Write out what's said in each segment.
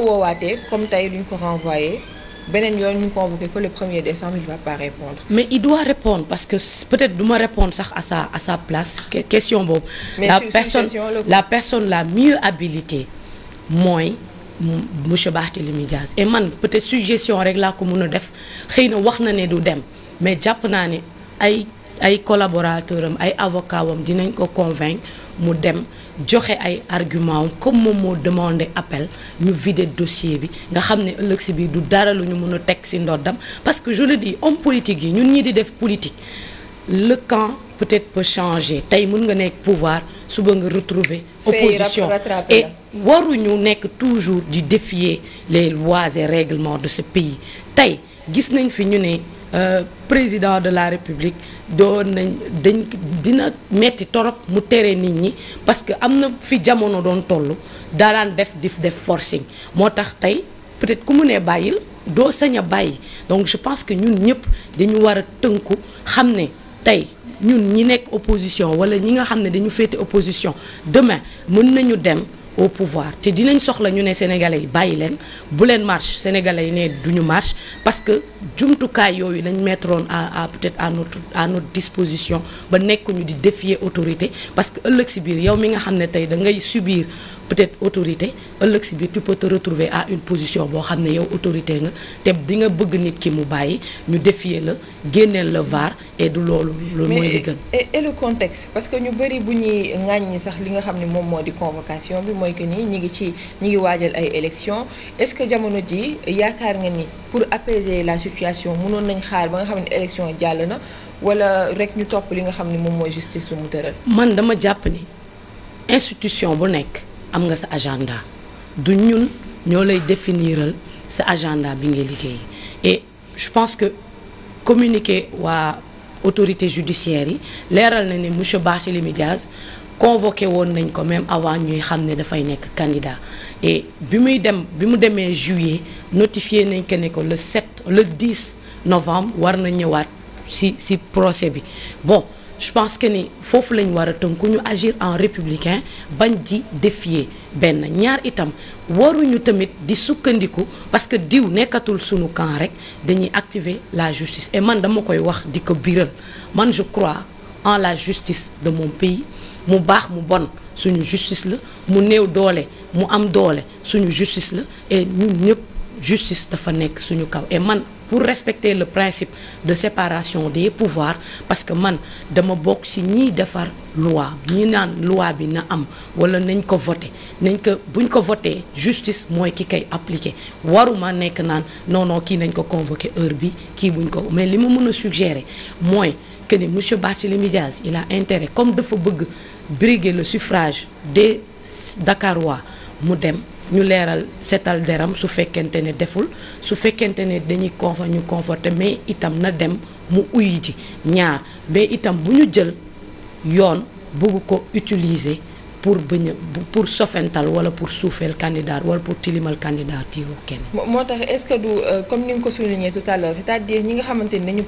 woowaatee comme tey duñ ko renvoyé beneen yoon ñu convoqué que le premier décembre il va pas répondre. mais il doit répondre parce que peut-être duma répondre sax à sa à sa place question boobu. la personne la personne la mieux habilitée mooy. monsieur Barthélémy Dias et man peut-être suggestion rek laa ko mën a def xëy na wax na ne du dem mais jàpp naa ne ay ay collaborateur am ay avocat wam dinañ ko convaincre mu dem joxe ay argument comme moom moo demandé appel ñu vider dossier bi nga xam ne ëllëg si bi du dara lu ñu mën a teg si ndoddam parce que je le dis homme politique yi ñu ñi di def politique le camp peut-être pa changer tey mun nga nekk pouvoir suba nga retrouver opposition et ñu nekk toujours di défier les lois et règlements de ce pays tey gis nañ fi ñu ne Euh, président de la république doon nañ dañ dina metti torop mu tere nit ñi parce que am na fi jamono doon toll daalaan def di def forcing moo tax tey peut-être ku mu nee bàyyil doo sañ a bàyyi donc je pense que ñun ñëpp dañu war a tënku xam ne tey ñun ñi nekk opposition wala ñi nga xam ne dañu féete opposition demain mun nañu dem au pouvoir te dinañ soxla ñu ne sénégalais yi bàyyi leen bu leen marche sénégalais yi ne duñu marche parce que jumtukaay yooyu lañ mettroon à à peut-être à notre à notre disposition ba nekkuñu di défier autorité parce que ëllëg si biir yow mi nga xam ne tey da ngay subir peut-être autorité ëllëg si biir tu peux retrouver à une position boo xam ne yow autorité nga te di nga bëgg nit ki mu bàyyi ñu défier la génneel la vaar et du loolu loolu mooy li gën parce que ñu bëri bu ñuy ŋàññi sax li nga xam ne moom moo di convocation bi mooy que ni ñi ngi ci ñi ngi waajal ay élections est-ce que jamono ji yaakaar nga ni pour apaiser la situation mënoon nañu xaar ba nga xam ne élection jàll na wala rek ñu topp li nga xam ne moom mooy justice su mu tëral. man dama jàpp ni institution bu nekk am nga sa agenda du ñun ñoo lay définiral sa agenda bi ngay liggéey et je pense que communiqué waa autorité judiciaire yi leeral na ne monsieur Barthélémy Diaz convoqué woon nañ ko même avant ñuy xam ne dafay nekk candidat et bi muy dem bi mu demee juillet notifié nañ ko ne ko le 7 le 10 novembre war na ñëwaat ci ci procès bi bon je pense que ni foofu lañ war a tënku ñu agir en républicain bañ di défier benn ñaar itam waruñu tamit di sukkandiku parce que diw nekkatul sunu camp rek dañuy activer la justice et man dama koy wax di ko biral man je crois en la justice de mon pays mu baax mu bon suñu justice la mu néew doole mu am doole suñu justice la et ñun ñëpp justice dafa nekk suñu kaw et man pour respecter le principe de séparation des pouvoirs parce que man dama bokk ci ñiy defar loi ñi naan loi bi na am walla nañ ko voté nañ ko buñ ko voté justice mooy ki koy appliqué waruma nekk naan noonoo kii nañ ko convoqué heure bi kii buñ ko mais li ma mën a suggérer mooy que ni monsieur Barthélémy Diaz il a intérêt comme dafa bëgg briguer le suffrage des Dakarois mu dem ñu leeral setal deram su fekkente ne deful su fekkente ne dañuy confort ñu mais itam na dem mu uyi ji ñaar mais itam bu ñu jël yoon bëgg ko utiliser pour bañ pour sofental wala pour suufeel candidat wala pour tilimal candidature kenn. moo tax est-ce que du euh, comme ni nga ko souligné tout à l'heure c'est-à-dire ñi nga xamante ni dañu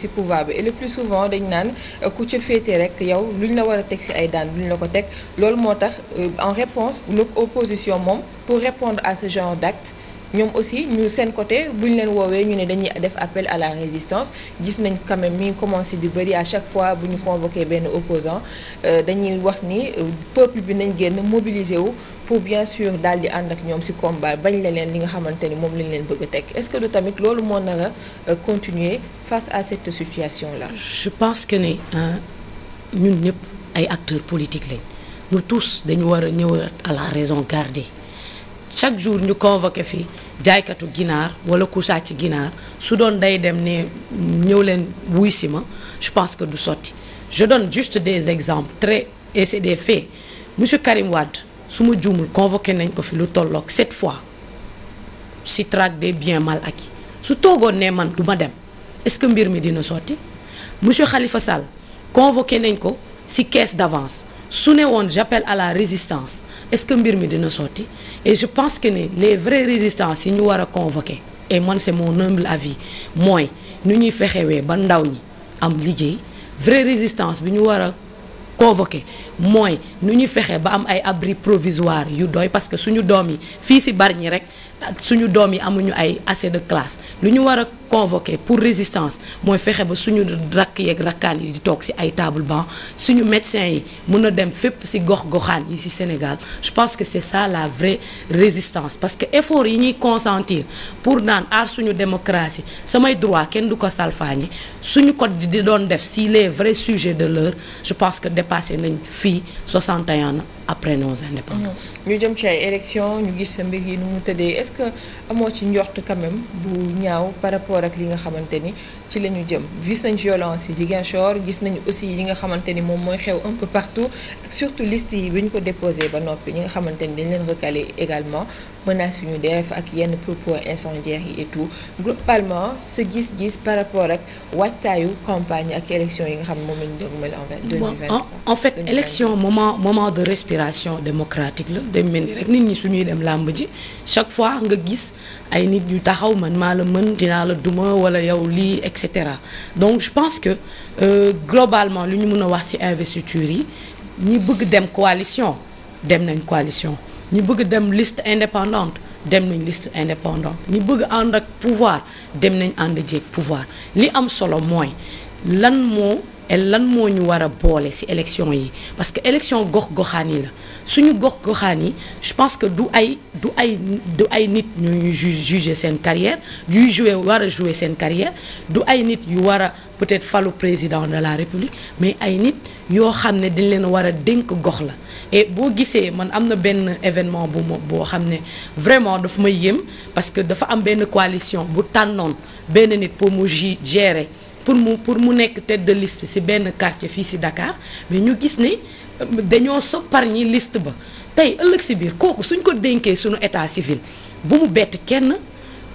ci pouvoir et le plus souvent dañ naan euh, ku ca féete rek yow luñ la war a teg ci ay daan luñ la ko teg loolu moo tax euh, en réponse l'opposition moom pour répondre à ce genre d'acte ñoom aussi ñu seen côté bu ñu leen woowee ñu ne dañuy def appel à la résistance gis nañ quand même mi ngi commencé di bëri a chaque fois bu ñu convoqué benn opposant euh, dañuy wax ni euh, peuple bi nañ génn mobiliser wu pour bien sûr daal di ànd ak ñoom ci combat bañ la leen li nga xamante ni moom lañ leen bëgg a teg est-ce que du tamit loolu moo nar a euh, continuer face à cette situation là. je pense que ne ñun ñëpp ay acteurs politiques lañ nous tous dañu war a ñëwaat à la raison gardée. chaque jour ñu convoqué fi jaaykatu ginaar wala ku sàcc ci ginaar su doon day dem ne ñëw leen wuy si ma je pense que du sotti je donne juste des exemples très et c'est des faits monsieur Karim wadd su ma juumul convoqué nañ ko fi lu tolloog sept fois si traque des biens mal acquis su toogoon ne man du ma dem est-ce que mbir mi dina sotti monsieur Khalifa Sall convoqué nañ ko si caisse d'avance su ne woon j'appelle à la résistance est-ce que mbir mi dina sotti et je pense que ni les vraies résistances yi ñu war a convoquer et man c'est mon humble avis mooy nu ñuy fexewee ba ndaw ñi am liggéey vraie résistance bi ñu war a convoquer mooy nu ñuy fexe ba am ay abri provisoire yu dooy parce que suñu doom yi fii si Bargny rek suñu doom yi amuñu ay assez de classe lu ñu war a convoquer pour résistance mooy fexe ba suñu rakk yeeg rakkaan yi di toog si ay table banc suñu médecins yi mun a dem fépp si gox-goxaan yi si Sénégal je pense que c'est ça la vraie résistance parce que effort yi ñuy consentir pour naan aar suñu démocratie samay droit kenn du ko salfaañi suñu ko di doon def si les vrais sujets de l'heure je pense que dépassé nañ fii 61 ans après nos indépendances. ñu jëm ci ay élections ñu gis mbir yi nu mu tëddee est-ce que amoo ci njort quand même bu ñaaw par rapport ak li nga xamante ni ci la ñu jëm gis nañ violence yi Ziguinchor gis nañu aussi yi nga xamante ni moom mooy xew un peu partout ak surtout liste yi bi ñu ko déposé ba noppi ñi nga xamante ni dañ leen rëkkalee également menaces yu ñu def ak yenn propos incendiaires yi et tout globalement sa gis-gis par rapport ak waajtaayu campagne ak élections yi nga xam ne moom la ñu déglu en 2023. en aspiration démocratique la dem mel ni rek nit ñi su suñuy dem làmb ji chaque fois nga gis ay nit yu taxaw man maa la mën dinaa la duma wala yow lii et cetera donc je pense que euh, globalement li ñu mën a wax ci investiture yi ñi bëgg dem coalition dem nañ coalition ñi bëgg dem liste indépendante dem nañ liste indépendante ñi bëgg ànd ak pouvoir dem nañ ànd jeeg pouvoir li am solo mooy lan moo lan moo ñu war a boole ci élection yi parce que élection gox-goxaan yi la suñu gox-goxaan yi je pense que du ay du ay du ay nit ñuy juger seen carrière yuy jouer war a jouer seen carrière du ay nit yu war a peut-être falu président de la république mais ay nit yoo xam ne dañ leen war a dénk gox la et boo gisee man am na benn événement bu ma boo xam ne vraiment dafa ma yéem parce que dafa am benn coalition bu tànnoon benn nit pour mu gérer pour mu pour mu nekk tête de si benn quartier fii si Dakar mais ñu gis ni euh, dañoo soppar ñi liste ba tey ëllëg si biir kooku suñ ko dénkee suñu état civil bu mu bett kenn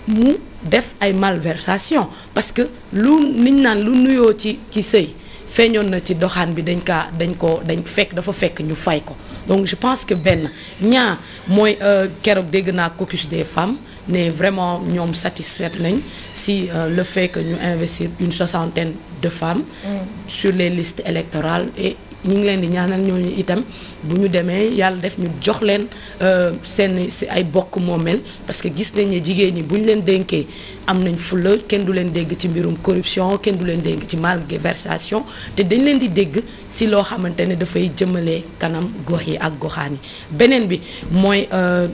mu def ay malversation parce que lu niñ naan lu nuyoo ci ci sëy feeñoon na ci doxaan bi dañ kaa dañ ko dañ fekk dafa fekk ñu fay ko donc je pense que benn ñaar mooy euh, keroog dégg naa caucus des femmes ne vraiment ñoom satisfaite nañ si euh, le fekk ñu investir une soixantaine de femmes mm. sur les listes électorales et ñu ngi leen di ñaanal ñooñu itam bu ñu demee yàlla def ñu jox leen euh, seen si ay bokk moomeel parce que gis nañ ne jigéen ñi bu ñu leen dénkee am nañ fulla kenn du leen dégg ci mbirum corruption kenn du leen dégg ci malversation te dañ leen di dégg si loo xamante ne dafay jëmmalee kanam gox yi ak goxaan yi beneen bi mooy euh,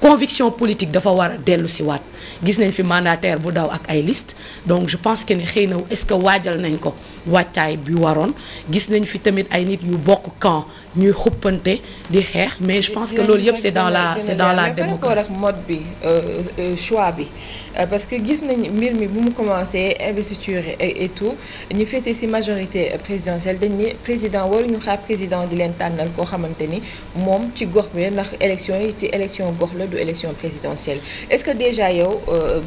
conviction politique dafa war a dellu si waat gis nañ fi mandataire bu daw ak ay liste donc je pense que ne xëy na est-ce que waajal nañ ko wàccaay bi waroon gis nañ fi tamit ay nit yu bokk camp ñuy xuppante di xeex mais je pense que loolu yëpp c'est dans la c'est dans la démocratie mode bi choix bi euh, parce que gis nañ mbir mi bu mu commencé investiture et tout ñu féete ci majorité présidentielle dañ ni président waruñu xaar président di leen tànnal koo xamante ni moom ci gox bi ndax élection yi ci élection gox la du élection présidentielle est-ce que déjà yow euh,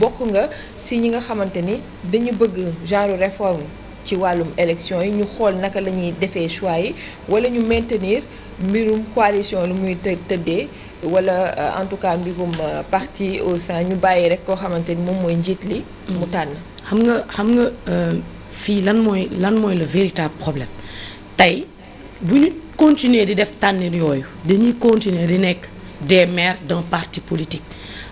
bokk nga si ñi nga xamante ni dañu bëgg genre réforme ci wàllum élection yi ñu xool naka la ñuy defee choix yi wala ñu maintenir mbirum coalition lu muy tëddee wala euh, en tout cas mbirum euh, parti au sein ñu bàyyi rek koo xamante ni moom mooy njiit li mu mm. tànn xam nga xam nga fii lan mooy lan mooy le véritable problème tey bu ñu continuer di def tànnin yooyu dañuy continuer di nekk des maire d'un parti politique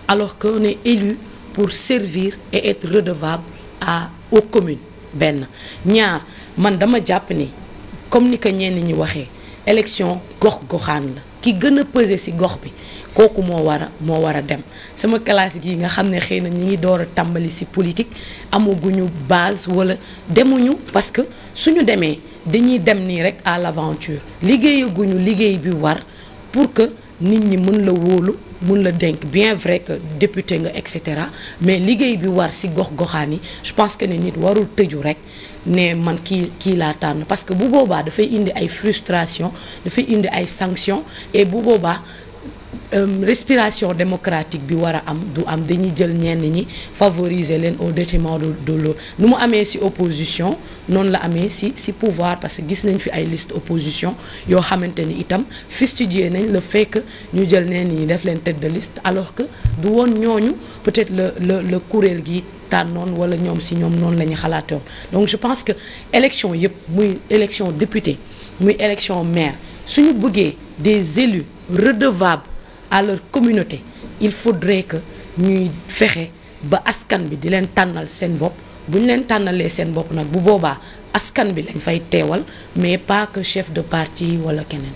alors qu'on est élu pour servir et être redevable à aux commune benn ñaar man dama jàpp ni comme ni ko ñenn ñi waxee élection gox-goxaan la ki gën a peser ci gox bi kooku moo war a dem sama classe yi nga xam ne xëy nañ ñi ngi door a tàmbali si politique amaguñu base walla demuñu parce que suñu demee dañuy dem nii rekk à l'aventure liggéeyaguñu liggéey bi war pour que nit ñi mën la wóolu mun la dénk bien vrai que député nga et cetera mais liggéey bi war ci gox-goxaan yi je pense que ne nit warul tëju rek ne man kii kii laa tànn parce que bu boobaa dafay indi ay frustration dafay indi ay sanctions et bu boobaa. Euh, respiration démocratique bi war am du am dañuy jël ñenn ñi favoriser leen au détriment de de l'autre nu mu amee ci opposition noonu la amee ci ci pouvoir parce que gis nañ fi ay liste opposition yoo xamante ni itam fustiger nañ le fait que ñu jël ñenn ñi def leen tête de liste alors que du woon ñooñu peut-être le le le kuréel gi tànnoon wala ñoom ci ñoom noonu la ñu xalaatoon donc je pense que élection yëpp muy élection député muy élection maire suñu bëggee des élus redevables à communauté il faudrait que ñuy fexe ba askan bi di leen tànnal seen bopp bu ñu leen tànnalee seen bopp nag bu boobaa askan bi lañ fay teewal mais pas chef de parti wala keneen.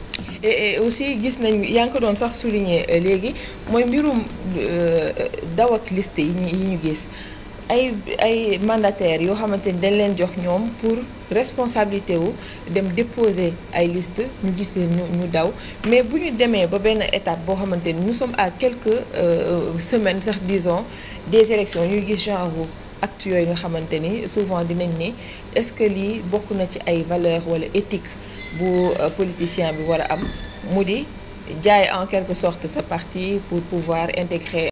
aussi gis nañ yaa ngi ko doon sax souligner euh, léegi mooy mbirum euh, daw ak liste yi ñu yi ñu gis. ay ay mandataires yoo xamante ni dañ leen jox ñoom pour responsabilité wu dem déposer ay liste ñu gisee ñu ñu daw mais bu ñu demee ba benn étape boo xamante ni nous sommes à quelques euh, semaines sax disons des élections ñuy gis genre acte yooyu nga xamante ni souvent dinañ ne est-ce que lii bokk na ci ay valeur wala éthique bu euh, politicien bi war a am mu di jaay en quelque sorte sa parti pour pouvoir intégrer